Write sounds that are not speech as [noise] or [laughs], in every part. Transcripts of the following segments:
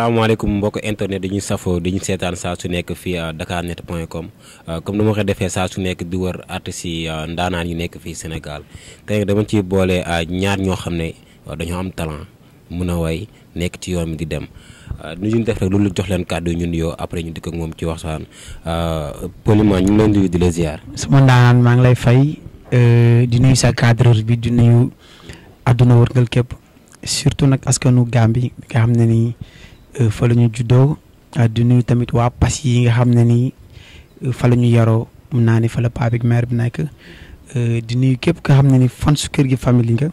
salaamaaleykum mbokk internet dañuy safoo dañuy seetaan saa su nekk fii euh, dakarnet point com euh, comme ni ma ko defee saa su nekk di wër artistes yi euh, ndaanaan yu nekk fii Sénégal tey dama ciy boole ñaar ñoo xam ne dañoo am talent mën a way nekk ci yoon mi di dem nu ñu def rek loolu jox leen kàddu ñun yoo après ñu dikk ak moom ci waxtaan poliment ñu ngi leen di di la ziar. suma ndaanaan maa ngi lay fay di nuyu sa cadreur bi di nuyu àdduna wërngal képp surtout nag askanu Gambie bi nga xam ne nii. Euh, fa la ñu juddoo ah, di nuyu tamit waa Pass yi nga xam ne ni euh, fa la ñu yaroo mun naa ni fa la paa bi maire bi nekk euh, di nuyu képp nga xam ne ni fan su kër gi famille nga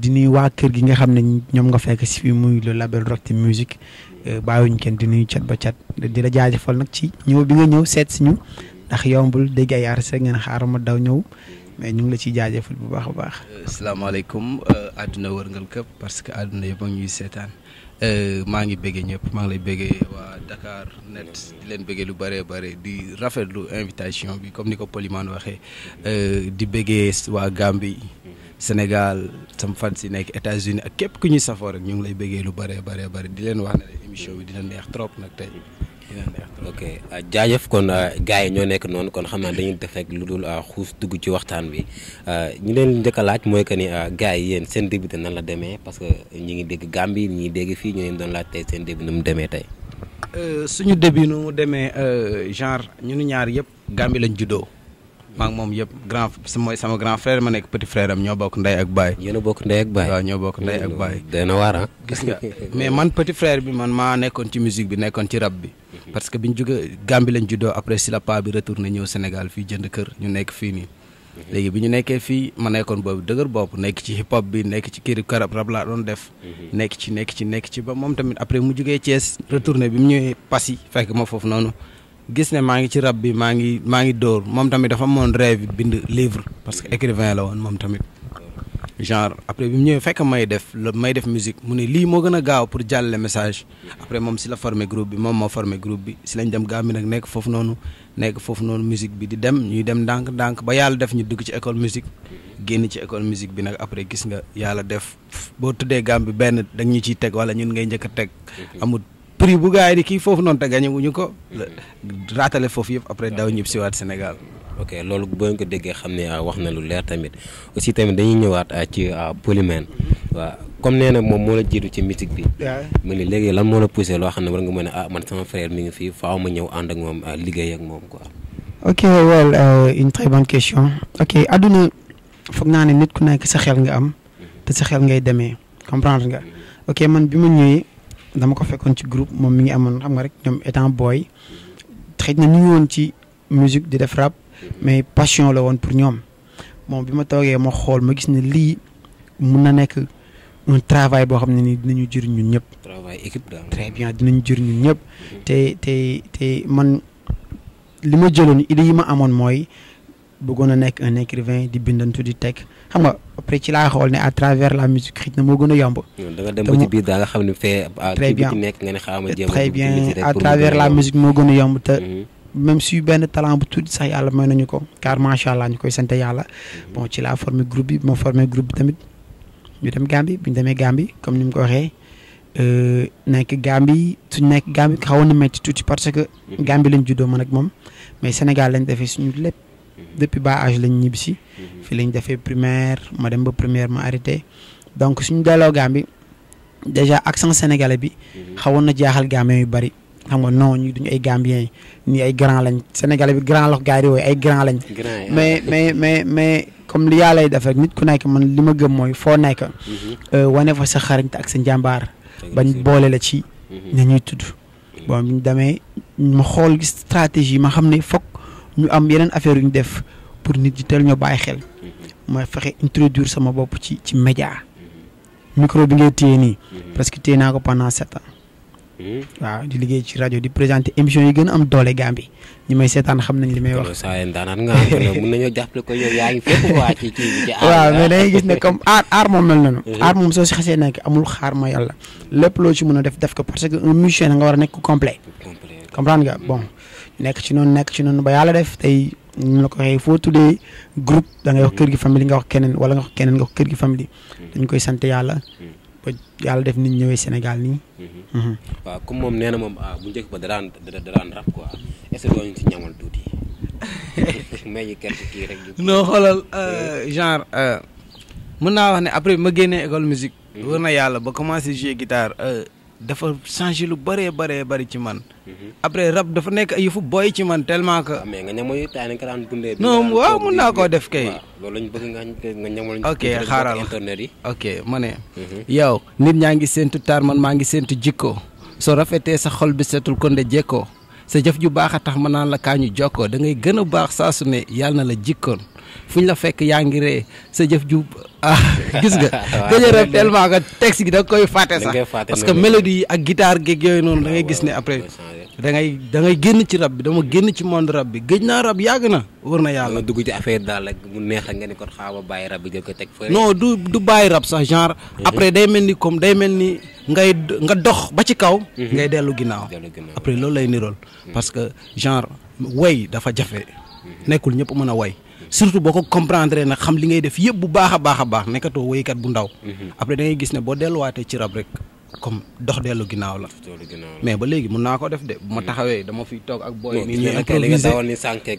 di nuyu waa kër gi nga xam ne ñoom nga fekk si fii muy le label Rockteam Music bàyyiwuñ kenn di nuyu cat ba cat di la jaajëfal nag ci ñëw bi nga ñëw seet si ñu ndax yombul dégg ay artiste ngeen xaaral ma daw ñëw mais ñu ngi la ciy jaajëfal bu baax a baax. asalaamaaleykum àdduna wërngal këpp parce que àdduna yëpp a ñuy seetaan. Euh, maa ngi bëggee ñëpp maa ngi lay bëggee waa dakaar net di leen bëggee lu bëree bëri di rafetlu invitation bi comme ni ko Polimane waxee euh, di bëggee waa Gambie Sénégal sam fan si nekk États-Unis ak képp ku ñuy safoo rek ñu ngi lay bëggee lu bëree bëree bëri di leen wax ne émission bi dina neex trop nag tey. ok euh, jaajëf kon euh, gars yi ñoo nekk noonu kon xam naa dañuy def rek lu dul euh, xuus dugg ci waxtaan bi ñu leen njëkk laaj mooy que ni gars yi yéen seen te nan la demee parce que ñi ngi dégg Gambie ñi dégg fii ñu leen doon laaj tey seen début nu mu demee tey. suñu début nu mu demee genre ñun ñaar yëpp Gambie lañ juddoo. maak moom yëpp grand mooy sama grand frère ma nekk petit frère am ñoo bokk ndey ak baay. yéen a bokk ndey ñoo bokk ndey ak baay. dana waar ah. gis nga mais man petit frère bi man maa nekkoon ci musique bi nekkoon ci rap bi. Mhm. parce que bi ñu jóge Gambie lañ juddoo après si la pa bi retourné ñëw Sénégal fii jënd kër ñu nekk fii nii. Mhm. léegi bi ñu nekkee fii ma nekkoon boobu dëgër bopp nekk ci hip hop bi nekk ci kiri karab rab laa doon def. Mhm. nekk ci nekk ci nekk ci ba moom tamit après mu jógee Thiès retourné bi mu ñëwee Passy fekk ma foofu noonu. gis ne maa ngi ci rab bi maa ngi maa ngi dóor moom tamit dafa moon rêve bind livre parce que écrivain la woon moom tamit. genre après bi mu ñëwee fekk may def may def musique mu ne lii moo gën a gaaw pour jàllale message après moom si la formé groupe bi moom moo formé groupe bi si lañ dem gaaw mi nag nekk foofu noonu nekk foofu noonu musique bi di dem ñuy dem ndànk ndànk ba yàlla def ñu dugg ci école musique génn ci école musique bi nag après gis nga yàlla def boo tuddee gaam bi benn da ñu ciy teg wala ñun ngay njëkk a teg amul prix bu gars yi di kii foofu noonu te gañewuñu ko raatale foofu yëpp après daw ñib siwaat Sénégal ok loolu boo ko déggee xam ne ah, wax na lu leer tamit aussi tamit dañuy ñëwaat ah, ci ah, Polymène mm-hmm. waaw comme nee na moom moo la jiitu ci musique bi. mu ne léegi lan moo la poussé loo xam ne war nga mën a man sama frère mi ngi fii faaw ma ñëw ànd ak ak moom quoi. ok well uh, une très bonne adduna foog naa ne nit ku nekk sa xel nga am mm-hmm. te sa xel ngay demee comprendre nga mm-hmm. ok man bi ma ñëwee dama ko fekkoon ci groupe moom mi ngi amoon xam nga rek ñoom étant boy xëy na ñu ngi woon ci musique di def rap. mais passion la woon pour ñoom moom bi ma toogee ma xool ma gis ne lii mun na nekk un travail boo xam ne ni dinañu jëriñ ñun ñëpp. travail équipe daal très bien dinañu jëriñ ñun ñëpp. Mm-hmm. te te te man li ma jëloon idée yi ma amoon mooy bëggoon a nekk un écrivain di bindantu di teg xam nga après ci xool ne à travers la musique xëy na moo gën a yomb. da nga dem ba ci biir xam ne nekk nga ne xaaral ma la musique moo gën a yomb te. Mm-hmm. même si benn talan bu tuuti sax yàlla may nañu ko car macha allah ñu koy sant yàlla mhm. bon ci laa formé groupe bi moo formé groupe bi tamit ñu dem Gambie bi ñu demee Gambie comme ni mu ko waxee euh, nekk Gambie suñ nekk Gambie xawoon na métti tuuti parce que mhm. Gambie lañ juddoo ma nag moom mais Sénégal lañ defee suñu lépp mhm. depuis ba âge lañ ñibbisi fii lañ defee primaire ma dem ba primaire ma arrêté donc suñu delloo Gambie déjà accent sénégalais bi xawoon na jaaxal Gambie yu bari. xam nga non ñu duñu ay Gambien ñi ay grand lañ Sénégalais bi grand lox gars yi ay grand lañ. mais mais mais mais comme li yaa lay def rek nit ku nekk man li ma gëm mooy foo nekk. Mm-hmm. Euh, wane fa sa xarañte ak sa njàmbaar. bañ boole la ci. na mm-hmm. ñuy tudd. Mm-hmm. bon bi demee ma xool gis stratégie ma xam ne foog ñu am yeneen affaire yu ñu def pour nit ñi teel ñoo bàyyi xel. ma fexe introduire sama bopp ci ci média. micro bi ngay téye nii. parce que téye naa ko pendant sept Hmm? waaw di liggéey ci rajo di présenter émission yi gën a am doole Gambie ñi may seetaan xam nañ li may wax. saa yéen daanaan nga mën nañoo jàppale ko yow yaa ngi fépp waa ci kii bi. waaw mais dangay hmm. soo xasee nekk amul xaar ma yàlla lépp loo ci mën a def def ko parce que un musicien nga war a nekk complet comprendre nga bon nekk ci noonu nekk ci noonu ba yàlla def tey ñu la ko waxee foo tuddee groupe da ngay wax kër gi famille nga wax keneen wala nga wax keneen nga wax kër gi famille hmm. dañ koy sant yàlla ba yàlla def ni ñëwee Sénégal nii. Mm-hmm. Mm-hmm. waaw comme moom nee na moom ah, bu njëkk ba daraan daraan rab quoi est-ce que dooñu si ñamal tuuti may ñu kii kii rek. non xoolal euh, mm-hmm. genre euh, mën naa wax ne après ma génnee école musique. wër yàlla ba commencé jouer guitare. Euh, dafa changé lu bëree bëree bari ci man. Mhm. après rab dafa nekk yëfu booy ci man tellement que. Ah, mais nga ñamoo taay nga daan dundee. non waaw mun naa koo def kay. loolu lañ bëgg nga ñamal ok xaaral internet yi. ok ma ne. Mhm. yow nit ñaa ngi séentu taar man maa ngi séentu jikko. soo rafetee sa xol bi setul kon de jekkoo sa jëf ju baax a tax ma naan la kaa ñu jokkoo da ngay a baax saa su ne yàlla na la jikkoon fu ñu la fekk yaa ngi ree sa jëf ju [laughs] ah gis nga dajëref [laughs] tellement que texte gi da nga koy fàtte sax parce que mélodie yi ak guitare geeg yooyu noonu da ngay gis ne après da ngay da ngay génn ci rab bi dama génn ci monde rab bi géej naa rab yàgg na war na yàlla dugg ci affaire daal rek mu neex nga ni ko teg fa non du du bàyyi rab sax genre mhm. après day mel ni comme day mel ni ngay nga dox ba ci kaw. Mhm. ngay dellu ginnaaw. après loolu lay nirool. Mhm. parce que genre way dafa jafe. Mhm. nekkul ñëpp mën a woy surtout boo ko comprendre nag xam li ngay def yëpp bu baax a baax a baax nekkatoo waykat bu ndaw. après da ngay gis ne boo delluwaatee ci rab rek. comme dox dellu ginnaaw la mais ba léegi mun naa ko def de bu ma taxawee dama fi toog ak booy mi ñuy improviser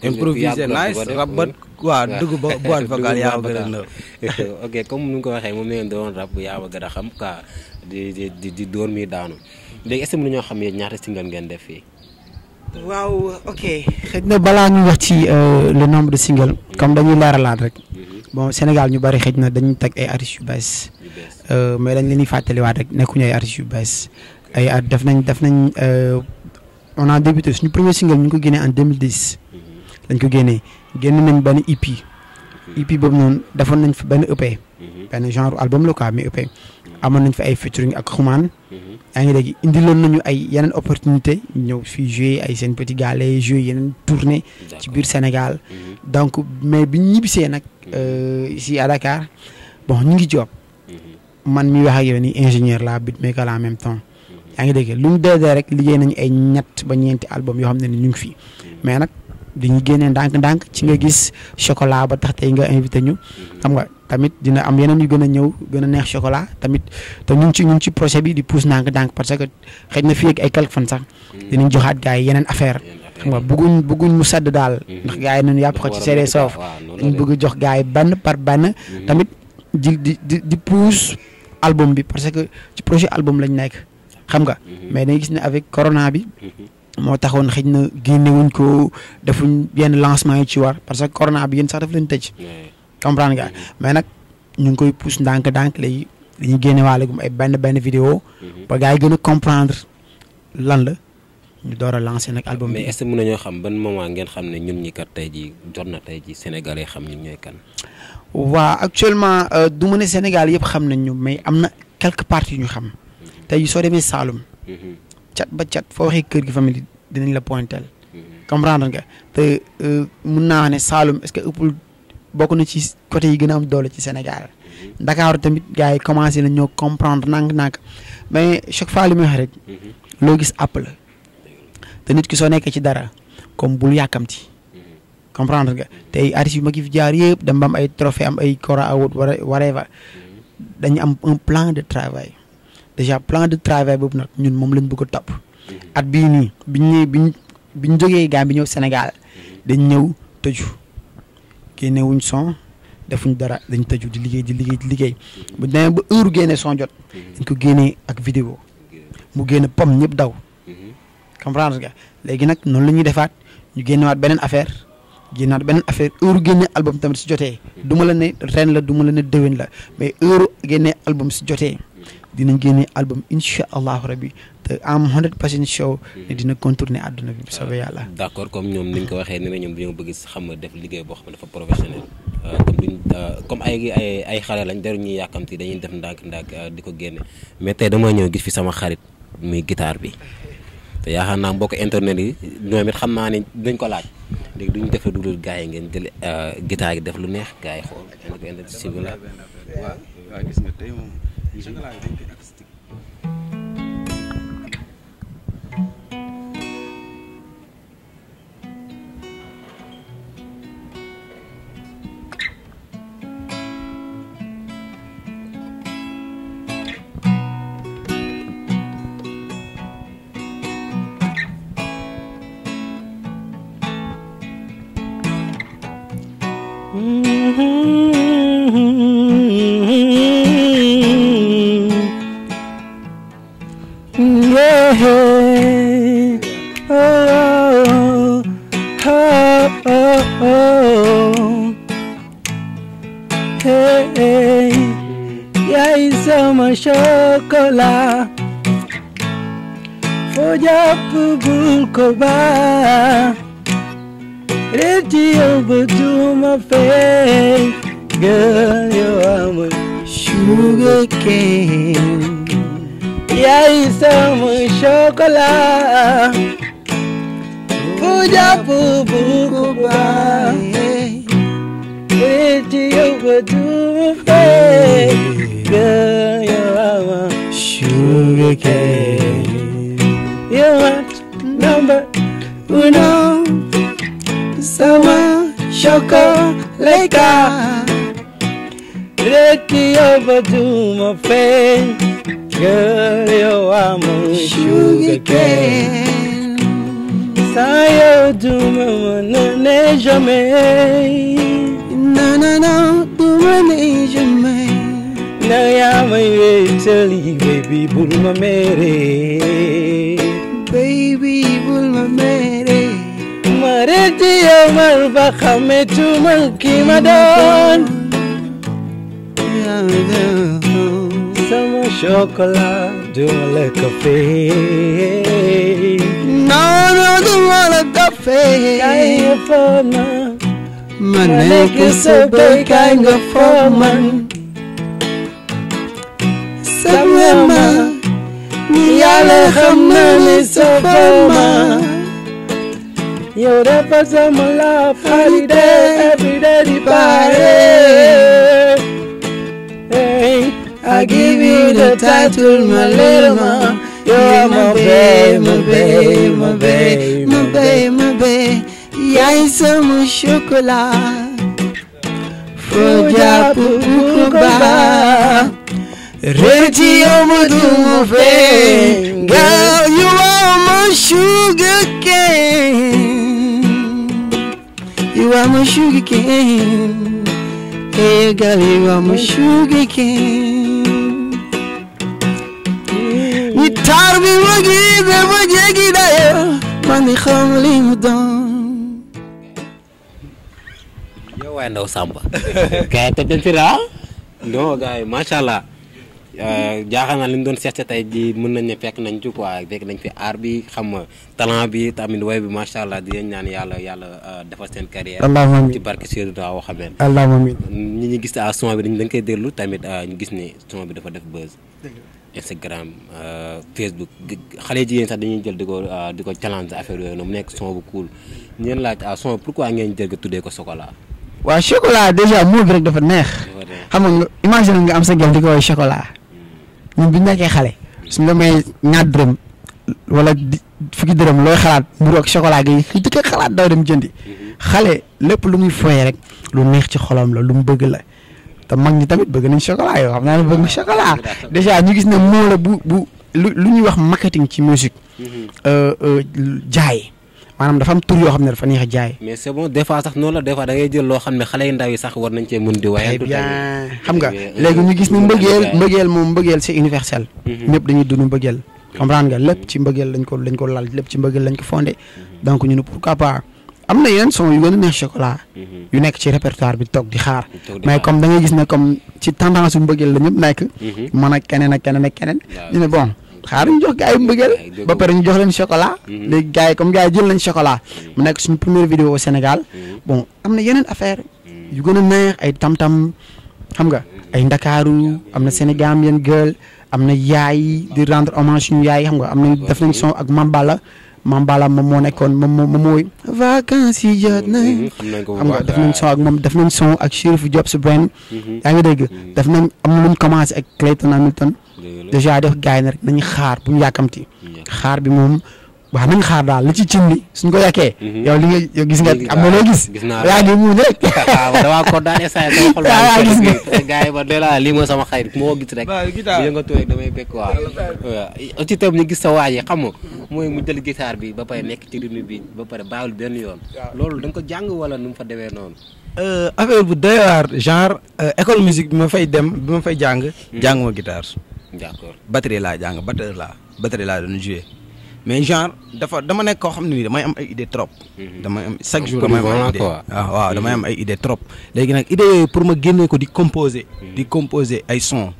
improviser nice rab ba [laughs] waaw dugg ba boîte gën a [laughs] ok comme nu nga ko waxee moom ne doon rab yaa ba gën di di di dóor mi daanu léegi est-ce que ñoo xam ne ñaata single ngeen def fii. waaw ok xëy na balaa ñu wax ci euh, le nombre de singles comme dañuy leeralaat rek mhm. bon Sénégal ñu bari xëy na dañu teg ay artistes yu bees euh, mais dañ leen di fàttaliwaat rek nekkuñu ay artistes yu bees ay at def nañ def nañ euh, on a débuté suñu premier single ñu ngi ko génnee en 2010 mhm. lañ ko génne génn nañ benn ipi e ipi e boobu noonu defoon nañ fi benn EP mhm. benn genre album local mais EP. amoon nañ fi ay featuring ak xumaan mhm. yaa ngi dégg indiloon nañu ay yeneen opportunité ñëw fii jouer ay seen petit gaale jouer tournée ci biir Sénégal mhm. donc mais bi ñibbisee nag mhm. euh, ici à Dakar bon ñu ngi job man mi wax ak yow ni ingénieur la beatmaker la en même temps yaa ngi dégg lu mu dee dee rek liggéey nañu ay ñett ba ñeenti album yoo xam ne ni ñu ngi fi mais nag dañuy génnee ndànk-ndànk ci nga gis chocolat ba tax tey nga invité ñu xam nga tamit dina am yeneen yu gën a ñëw gën a neex chocolat tamit te ñu ngi ci ñu ci projet bi di pousse ndànk ndànk parce que xëy na fii ak ay quelques fan sax mm. dinañ joxaat gars yi yeneen affaire xam nga bëgguñ bëgguñ mu sedd daal mm. ndax gars yi nañu yàpp ko ci seede soof dañ bëgg jox gars yi benn par benn mm-hmm. tamit di di di di pousse album bi parce que ci projet album lañ nekk xam nga mm-hmm. mais dañuy gis ne avec corona bi mm-hmm. moo taxoon xëy na génnewuñ ko defuñ yenn lancement yi ci war parce que corona bi yéen sax daf leen tëj comprendre nga mm-hmm. mais nag ñu ngi koy pousse ndànk-ndànk léegi dañuy génne waale gum ay benn benn vidéo ba mm-hmm. gars yi gën a comprendre lan la ñu door a lancer nag album mais est-ce que xam ban moment ngeen xam ne ñun ñi kat tey jii jot na tey jii sénégalais xam ñun ñooy kan. waa actuellement euh, du ma ne Sénégal yëpp xam nañ ñu mais am na quelques parties yu ñu xam mm-hmm. tey soo demee Saalum. cat ba cat foo waxee kër gi famille dinañ la pointel comprendre nga te euh, mun naa ne Saalum est-ce que ëppul bokk na ci côté yi gën a am doole ci Sénégal Dakar tamit gars yi commencé na ñoo comprendre nànk-nànk mais chaque fois li may wax rek loo gis àpp la te nit ki soo nekkee ci dara comme bul yàkkamti comprendre nga te artistes yu mag yi fi jaar yëpp dem ba am ay trophée am ay Cora Award whatever dañu am un plan de travail déjà plan de travail boobu nag ñun moom lañ bëgg a topp at bii nii biñ ñëw biñ bi ñëw Sénégal dañ ñëw tëju génnewuñ son defuñ dara dañ tëju di liggéey di liggéey di liggéey bu demee ba heure génne son jot dañ ko génnee ak vidéo mu génne pom ñëpp daw comprendre nga léegi nag noonu la ñuy defaat ñu génnewaat beneen affaire génnewaat beneen affaire heure génne album tamit si jotee duma la ne ren la du ma la ne déwén la mais heure génne album si jotee dinañ génne album incha allahu rabbi te am 100 percent show ne hmm. dina contourner àdduna bi bu ah, soobee yàlla. d' accord comme ñoom ni ñu ko waxee nee na ñoom dañoo bëgg xam nga def liggéey boo xam ne dafa professionnel ah, comme duñ ah, comme ay ay ay xale lañ daru ñuy yàkkamti dañuy def ndànk-ndànk di ko génne mais tey dama gis fi sama xarit muy gitaar bi te yaakaar naa mbokk internet yi ñoom it xam naa ni dañ ko laaj léegi duñ defee du dul gars yi ngeen jël guitare yi def lu neex gars yi xool. gis nga tey moom. oh, oh, oh, oh. Hey, hey. Yeah, it's so much chocolate. Foja pubulkoba. Radio to my face. Girl, you are my sugar cane. Yeah, kujapo bukuba Eti yo wadufe Girl, you're our sugar cane You're what number uno Sama shoko leka Eti yo wadufe Girl, you're our sugar cane ne jamais. Non, non, non, du ma ne jamais. Na yaa may wéetali, baby bul ma mere. Baby bul ma mere. Ma reeti yow mar ba xametuma ki ma doon. Sama chocolat. do a lick of faith. No, no, do a lick of faith. Kaya fana. Manek is a big kind of foreman. Samama. Niyale khaman is a foreman. You're the day, every day. I give you the title, my little mom. You're my babe, my babe, my babe, my babe, my babe. Yaay sama chocolat. Foja pukuba. Reti omudu mu fe. Girl, you are my sugar cane. You are my sugar cane. Hey, girl, you are my sugar cane. xar yow waaye ndaw Samba. [laughs] gars yi tëjal ci la li ñu doon seet tey jii mën nañ ne fekk nañ ci quoi fekk nañ fi aar bi xam nga talent bi tamit way bi macha allah di leen ñaan yàlla yàlla euh, defal seen carrière. allahumma amiin ci barke Seydou Dawa xameen. allahumma amiin ñi ñu gis à ah, son bi dañ dañ koy déglu tamit euh, ñu gis ni son bi dafa def buzz. Instagram euh, Facebook xale jigéen sax dañuy jël di ko euh, di ko challenge affaire yooyu noonu mu nekk son bu cool ngeen laaj ah son pourquoi ngeen jël ko tuddee ko chocolat. waaw chocolat déjà mot bi rek dafa neex. xam nga nga am sa gel di ko woy chocolat. Hmm. bu nekkee xale. suñ la ñaar dërëm wala fukki dërëm xalaat mburu ak chocolat gi di ko xalaat daw dem jëndi. Hmm. xale lépp lu muy foyee rek lu neex ci xolam la lu mu bëgg la. te mag ñi tamit bëgg nañ chocolat yoo xam naa ne bëgg ñu gis ne moo bu bu lu lu ñuy wax marketing ci musique mm-hmm. euh, euh, jaay maanaam dafa am tur yoo xam ne dafa neex a jaay. mais c'est bon fois sax noonu la des fois ngay jël loo xam ne xale yu ndaw yi sax war nañ cee mun di. wayantu xam nga euh, léegi ñu gis ne mbëggeel mbëggeel moom mbëggeel c'est universel. Mm-hmm. ñëpp dañuy dund mbëggeel. Mm-hmm. comprendre nga lépp ci mbëggeel lañ ko lañ ko lal lépp ci mbëggeel lañ ko fondé donc ñu ne pourquoi pas am na yeneen son yu gën neex chocolat. Mhm. yu nekk ci répertoire bi toog di xaar. mais comme da ngay gis ne comme ci tendance yu mbëggeel la ñëpp nekk. Mhm. man ak keneen ak keneen a keneen. ñu ne bon xaar ñu jox gars ba pare ñu jox leen chocolat. Mhm. léegi gars yi comme gars yi jël nañ chocolat. mu nekk suñu première vidéo au Sénégal. bon am na yeneen affaire yu gën neex ay tam-tam xam nga ay Ndakaaru am na Sénégal yeneen gël am na yaay di rendre hommage suñu yaay xam nga am na def nañ son ak Mambala maam Balla moom moo nekkoon moom moom mooy. vacances yi na. Mhm, xam nañ son ak moom def nañ son ak Chérif Diop si benn. yaa ngi dégg mhm. def nañ am na lu ñu commencé ak Clayton Hamilton. dèjà def gars yi rek nañu xaar bu ñu yàkkamti. xaar bi moom. waaw nañ xaar daal li ci cin li suñ ko yàkkee. Mhm. yow li nga gis nga am na loo gis. naa yaa ngi muñ rek. waaw [laughs] ah, ko daan essayé la [laughs] eh, lii mooy sama xarit moo gis rek. waaw nga bi damay bekk waaw. waaw ci tam ñu gis sa waa ji xam nga mooy mu jël gitaar bi ba pare nekk ci rythme bi ba pare bàyyul benn yoon. loolu danga ko jàng wala nu mu fa demee noonu. Euh, affaire bu doy genre euh, école musique bi ma fay dem bi ma fay jàng. Hmm. jànguma gitaar. d'accord batterie laa jàng batterie laa batterie laa doon mais genre dafa dama nekk koo xam ne nii damay am ay idée trop. Mhm. damay am chaque jour damay am ay ah, waaw waaw am mhm. ay idée trop. léegi nag idée yooyu pour ma génnee ko di composer. Mhm. di composer ay son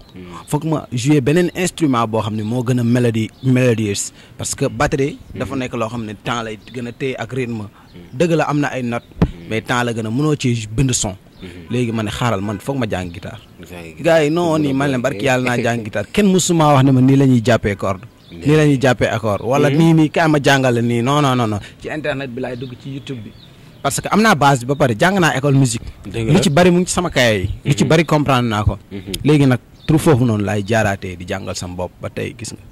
foog ma jouer beneen instrument boo xam ne moo gën a mélodie mélodieuse parce que batterie. dafa nekk loo xam ne temps lay gën a téye ak ma dëgg la am na ay notes. mais temps la gën a mënoo ci bind son. léegi ma ne xaaral man foog ma jàng guitare. gars yi non nii man leen barki yàlla naa jàng guitare kenn mësuma wax ne ma nii la ñuy jàppee corde. nii la ñuy jàppee accord wala mm-hmm. nii nii kaay ma jàngale nii non non non ci internet bi laay dugg ci YouTube bi parce que am naa base bi ba pare jàng naa école musique lu ci bari mu ngi ci sama kaye yi lu ci mm-hmm. bari comprendre naa ko mm-hmm. léegi nag trop foofu noonu laay jaaraatee di jàngal sama bopp ba tey gis nga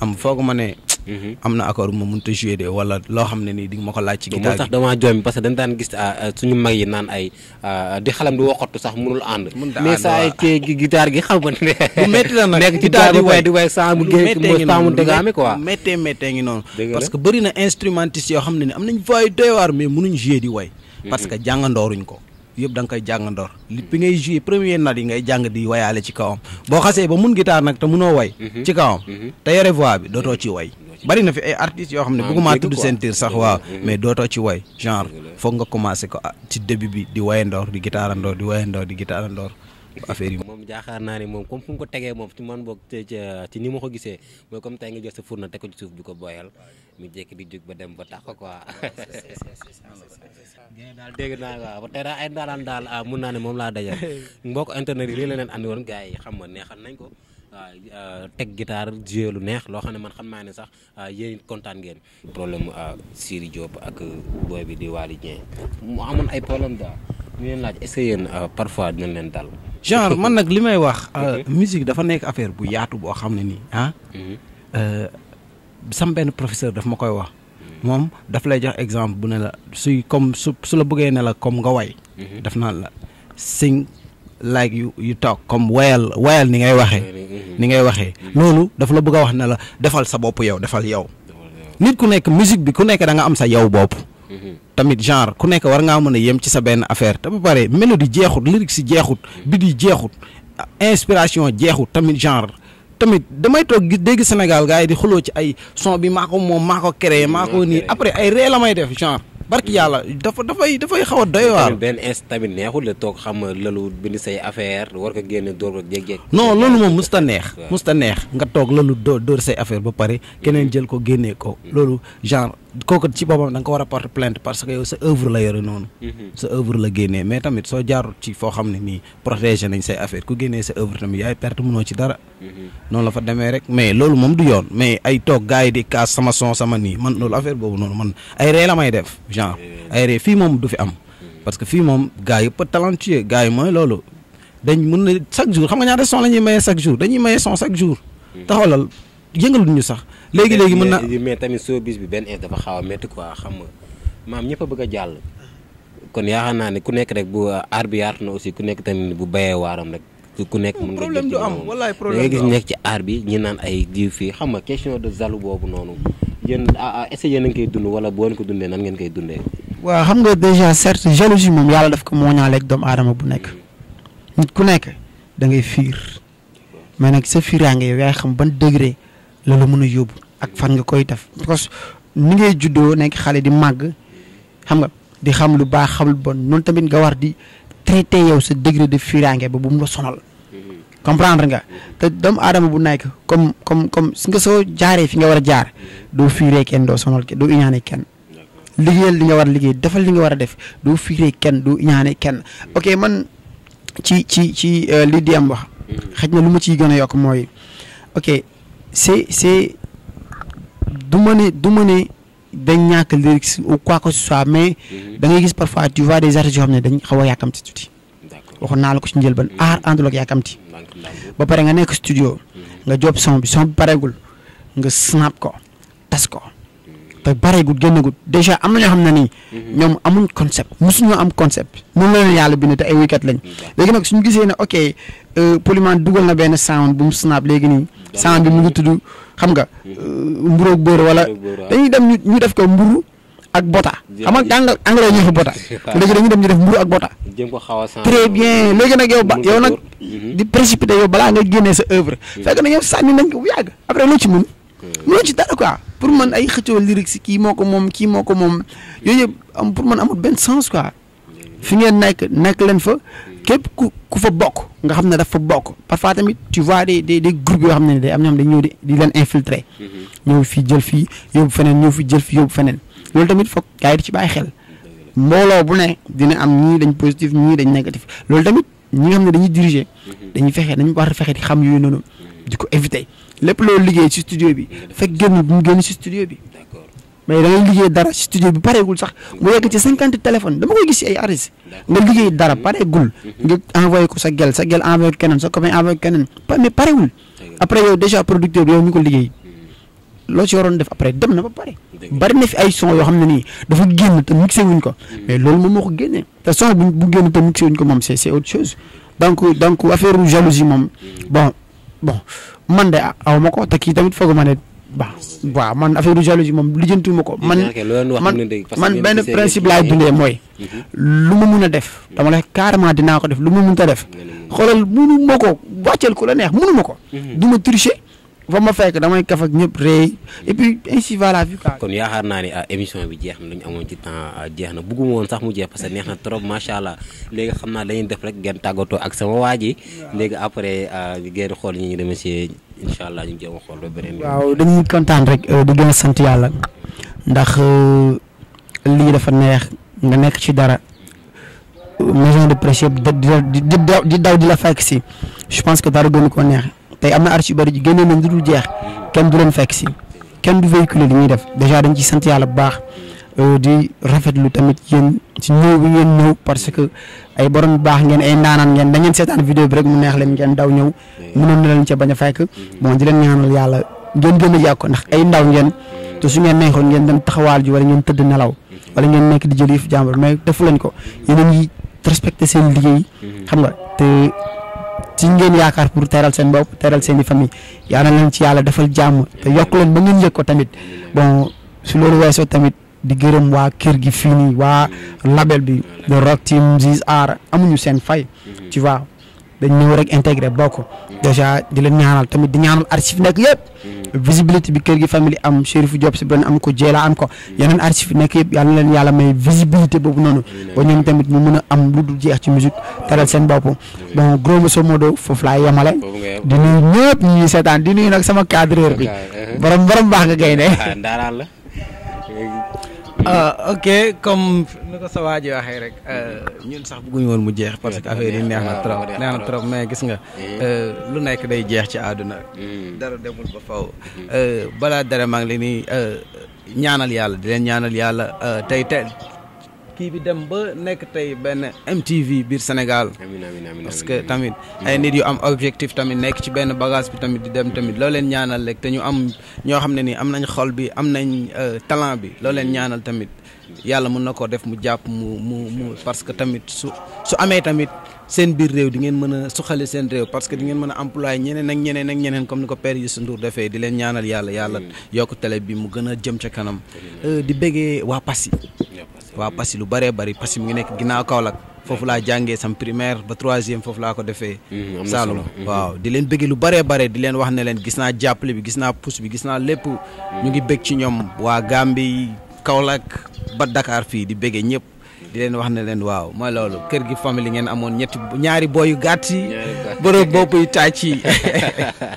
am foog ma ne Mm-hmm. am na accord ma mënut a jouer de wala loo xam ne nii di ma ko laaj. ci gitaar gi moo tax damaa jooy parce que ah, ah, naan ay ah, di xalam di waxatu sax mënul ànd. mais saa yi gi xam nga ne. [laughs] bu métti la ci gitaar di way saa mu génn saa mu dégaame quoi. méttee ngi noonu. parce que bëri na instrumentiste yoo xam ne ni am nañ voix yu doy waar mais mënuñ jouer di way. Mm-hmm. parce que jàngandooruñ ko. yëpp da koy jàngandoor li bi ngay joué premier nat yi ngay jàng di wayaale ci kawam boo xasee ba mun gitaar nag te munoo way mm-hmm. ci kawam te yore voix bi dootoo ci way bari na fi ay artistes yoo xam ne ah, bëgguma tudd seen tiir sax waaw mais dootoo ci way genre foog nga commencé ko ah, ci début bi di wayandoor di gitaarandoor di wayandoor di gitaarandoor affaire yi [laughs] moom jaaxaar naa ne moom comme fu mu ko tegee moom ci man boog ci ni ma ko gisee mooy comme tey nga jël sa fourneau teg ko ci suuf di ko boyal mu jékki di jóg ba dem ba tax ko quoi. daal dégg naa waaw ba tey daal ay ndaaraan daal ah, mun naa ne moom laa dajal [laughs] mbokk internet yi lii la leen andi woon gars xam nga neexal nañ ko. waaw euh, euh, teg guitare jouer lu neex loo xam ne man xam naa ne sax euh, yéen kontaan ngeen. problème mu Siri Diop ak booy bi di Waly Dieng mu amoon ay problème daal ñu leen laaj est-ce que yéen parfois dinañ leen daal genre man nag li may wax. musique dafa nekk affaire bu yaatu boo xam ne nii ah. Mhm. sam benn professeur daf ma koy wax. Mhm. moom daf lay jox exemple bu ne la suy comme su su la bëggee ne la comme nga way. Mhm. daf naan la sing like you you talk comme wayal wayal ni ngay waxee ni ngay waxee loolu dafa la bëgg a wax ne la defal sa bopp yow defal yow nit ku nekk musique bi ku nekk da nga am sa yow bopp tamit genre ku nekk war ngaa mën a yem ci sa benn affaire te ba pare mélodie jeexut lyrics si jeexut bit yi jeexut inspiration jeexut tamit genre tamit damay toog gis dégg Sénégal gars yi di xuloo ci ay son bi maa ko moom maa ko créé maa ko nii après ay ree la may def barki yàlla dafa dafay dafay xaw a doy waar. benn instant tamit neexul la toog xam lalu bind say affaire war ko génne door ko jékki-jékki. non loolu moom musta neex. musta neex nga toog lalu door door say affaire ba pare keneen mm-hmm. jël ko génnee ko. loolu genre kooku ci boppam da nga ko war a porter plainte parce que yow sa œuvre la yore noonu. Mhm. sa œuvre la génnee mais soo jaarut ci foo xam ne nii protéger nañ say affaire ku génnee sa œuvre tamit yaay perte mënoo mhm. noonu la fa demee rek mais loolu moom du yoon mais ay toog gars yi di kaas sama son sama nii man loolu affaire boobu noonu man ay ree may def genre eh. ay ree moom du fi am. Mhm. parce que fii moom gars yi pas talentueux gars yi mooy loolu dañ mën na chaque jour xam nga ñaata son la ñuy maye chaque jour dañuy maye son chaque jour. yëngaluñu sax. léegi léegi mën na mais tamit soo bis bi benn dafa xaw a métti quoi xam nga maam ñëpp a bëgg jàll. kon yaakaar naa ne ku nekk rek bu uh, aar na aussi ku nekk tamit bu bayee waaram rek. ku nekk mën nga jël ci am wallaay problème da nekk ci aar bi ñi naan ay diw fii xam nga question de zalu boobu noonu yéen ah, ah, est-ce que yéen koy dund wala boo ko dundee nan ngeen koy dundee. waaw xam nga déjà certes jalousie moom yàlla daf ko mooñaale ak doomu aadama bu nekk nekk da ngay fiir mais nag sa fiiraange yow yaay xam ban degré la la mën a yóbbu ak fan nga koy def parce que ni ngay juddoo nekk xale di màgg xam nga di xam lu baax xam lu bon noonu tamit nga war di traité yow sa degré de firange ba bu mu la sonal. comprendre nga te doomu aadama bu nekk comme comme comme si nga soo jaaree fi nga war a jaar doo fiiree kenn doo sonal kenn doo iñaane kenn. liggéeyal li nga war liggéey defal li nga war a def doo fiiree kenn doo iñaane kenn ok man ci ci ci euh, li di am wax. xëj na lu ma ciy gën a yokk mooy ok. c'est c'est du ma ne du ma ne dañ ñàkk lyrics si quoi que ce soit mais mhm. da ngay gis parfois tu vois des artistes yoo ne dañ xaw a yàkkamti tuuti waxoon naa la ko ci njëlbeen mhm. aar àndul ak yàkkamti ba pare nga nekk studio mhm. nga job son bi son bi pareegul nga snap ko tas ko te bareegut génnagut déjà am na ñoo xam ne nii. Mhm. ñoom amuñ concept mosuñoo am concept. noonu la leen yàlla bind te ay wéykat lañ. Mhm. léegi nag suñu gisee ne ok euh, Polymane dugal na benn sound bu mu snap léegi nii. Mhm. sound bi mu ngi tudd xam nga. Euh, mburoog boor wala. dañuy dem ñu ñu def ko mburu ak bota. xam nga engrais engrais ñoo fa bota. [laughs] dem ñu def mburu ak ko xaw a très bien léegi nag yow ba yow nag. di précipité yow balaa nga génne sa œuvre. fekk na yow sànni nañ ko bu yàgg après loo ci mën. loolu ci dara quoi pour man ay xëccoo lyrique si kii moo ko moom kii moo ko moom yooyu yëpp pour man amul benn sens quoi fi ngeen nekk nekk leen fa képp ku ku fa bokk nga xam ne daf fa bokk parfois tamit tu vois des des des yoo xam ne day am ñoo xam dañ di di leen infiltrer mm-hmm. ñëw fii jël fii yóbbu feneen ñëw fii jël fii yóbbu feneen loolu tamit foog gars ci bàyyi xel mbooloo bu ne dina am ñii dañ positif ñii dañ négatif loolu tamit ñi nga xam ne dañuy diriger mm-hmm. dañuy fexe dañu war a fexe di xam yooyu noonu di ko éviter lépp loo liggéey ci studio bi fekk génn bu mu génn ci studio bi mais da ngay liggéey dara ci studio bi pareegul sax mu yegg ci cinquante téléphone dama koy gis ci ay artistes nga liggéey dara mm-hmm. pareegul mm-hmm. nga envoyé ko sa gel sa gel envoyé ko keneen sa copain envoyé ko keneen mais parewul après yow déjà producteur ko liggéey mm-hmm. loo ci waroon def après dem na ba pare bari na fi ay son yoo xam ne nii dafa génn te mixé ko mais loolu moom moo ko génnee te son bu bu génn te mixé wuñ ko moom c'est c'est autre chose donc donc affaire jalousie moom bon bon man de aw ma ko te kii tamit foog ma ne baax waaw man affaire jalousie moom lijjantu ma ko. man man man benn principe laay dundee mooy. lu ma mun a def dama la carrément dinaa ko def lu ma mun ta def. xoolal munu ma ko wàcceel ku la neex munu ma ko. Mhm. du fa ma fekk damay kaf ak ñëpp réy et puis ainsi va la vie quoi. kon yaakaar naa ne ah, émission bi jeex na lu ñu amoon ci temps ah, jeex na bëgguma woon sax mu jeex parce que na trop macha allah léegi xam naa dañuy def rek ngeen tàggatoo ak sama waa ji léegi après ah, ngeen xool ñu ngi demee incha allah ñu jéem a xool ba beneen kontaan rek euh, di gën sant yàlla ndax euh, lii dafa neex nga nekk ci dara euh, maison de presse yëpp di daw di la fekk si je pense que dara gënu ko neex. tey am na archi yu bëri ji génne nañ lu dul jeex kenn du leen fekk si kenn du véhiculer li ñuy def dèjà dañ ci sant yàlla bu baax euh, di lu tamit yéen si ñëw bi ngeen ñëw parce que ay borom baax ngeen ay ndaanaan ngeen da ngeen seetaan vidéo bi rek mu neex leen ngeen daw ñëw mënoon na leen ca bañ a fekk bon di leen ñaanal yàlla ngeen gën a yàq ndax ay ndaw ngeen te su ngeen neexoon ngeen dem taxawaal ji wala ngeen tëdd nelaw wala ngeen nekk di jël yëf jàmbur mais defu leen ko yéen a seen liggéey mm-hmm. xam ci ngeen yaakaar pour teral seen bopp teral seen famille yal na leen ci yàlla defal jàmm te yokk leen ba ngeen yëg ko tamit bon su weesoo tamit di gërëm waa kër gi fii nii waa label bi The Rock Team Ziz Art amuñu seen fay tu vois dañ ñëw rek intégré bokk dèjà di leen ñaanal tamit di ñaanal archive nekk yëpp visibilité bi kër gi famille am Chérifou Diop si benn am ko Jéla am ko yeneen artistes fi nekk yëpp yal leen yàlla may visibilité boobu noonu ba ñoom tamit ñu mun a am lu dul jeex ci musique teral seen bopp bon grosso modo foofu laay yemale di nuyu ñëpp ñu ñuy seetaan di nuyu nag sama cadreur bi uh-huh. borom borom baax nga gaynde ah, Euh, ok comme ni ko sa waa ji waxee rek euh, ñun sax bëgguñu woon mu jeex parce que affaire yi neex na trop neex na trop mais gis nga mm. euh, lu nekk day jeex ci àdduna mm. dara demul ba faw mm. balaa dara maa ngi leen di ñaanal yàlla di leen ñaanal yàlla tey tey kii bi dem ba nekk tey benn MTV biir Sénégal. amiin amiin amiin parce que tamit mm. ay nit yu am objectif tamit nekk ci benn bagage bi tamit di dem tamit loo leen ñaanal rek te ñu am ñoo xam ne nii am nañ xol bi am nañ euh, talent bi loo leen mm. ñaanal tamit yàlla mën na koo def mu jàpp mu mu mu parce que tamit su su amee tamit. seen biir réew di ngeen mën a suxali seen réew parce que di ngeen mën a employé ñeneen ak ñeneen ak ñeneen comme ni ko père Youssou Ndour defee di leen ñaanal yàlla yàlla mm. yokk télé bi mu gën a jëm ca kanam euh, di bëggee waa Passy waa Passy lu bëree bëri Passy mu ngi nekk ginnaaw Kaolack foofu laa jànge sam primaire ba troisième foofu laa ko defee hmm, Saalum hmm. waaw di leen bëgg lu bëree bëri di leen wax ne leen gis naa jàppale bi gis naa pousse bi gis naa lépp hmm. ñu ngi bëgg ci ñoom waa Gambie Kaolack ba Dakar fii di bëggee ñëpp di leen wax na leen waaw mooy loolu kër gi famille ngeen amoon ñetti ñaari booyu gàtt yi bërëb bopp yu tàcc yi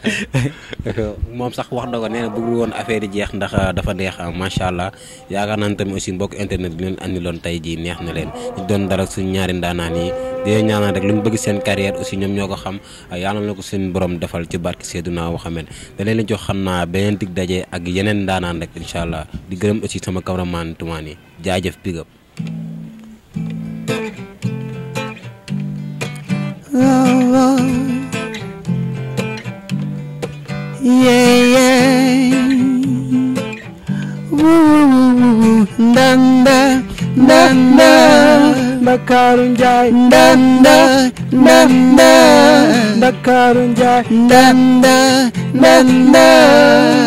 [laughs] moom sax wax na ko nee na woon affaire yi jeex ndax uh, dafa neex uh, macha allah yaakaar naa ne aussi mbokk internet bi leen andi loon neex na leen ñu dara ñaari ndaanaan yi di rek lu ñu bëgg seen carrière aussi ñoom ñoo ko xam uh, yàlla na ko seen borom defal ci barke naa Muhammad da leen jox xam naa beneen dig daje ak yeneen ndaanaan rek incha allah di gërëm aussi sama cameraman Toumane yi jaajëf big up Oh, oh. Woo, woo, woo, woo, woo, Ndakaaru Njaay ndanda ndanda Ndakaaru Njaay ndanda ndanda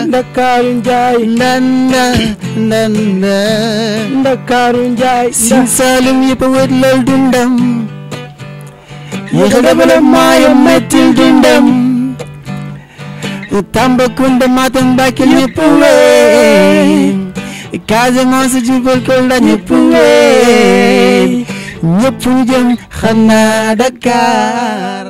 Ndakaaru Njaay ndanda ndanda Ndakaaru Njaay Siin Saalum yëpp wët lal dundam yéex a développement yo mettil dundam Tambacounda Matam Mbacké ñëpp wey Casamance Jurbel Kolda ñëpp wey ñëpp ñu jëm xanaa Dakar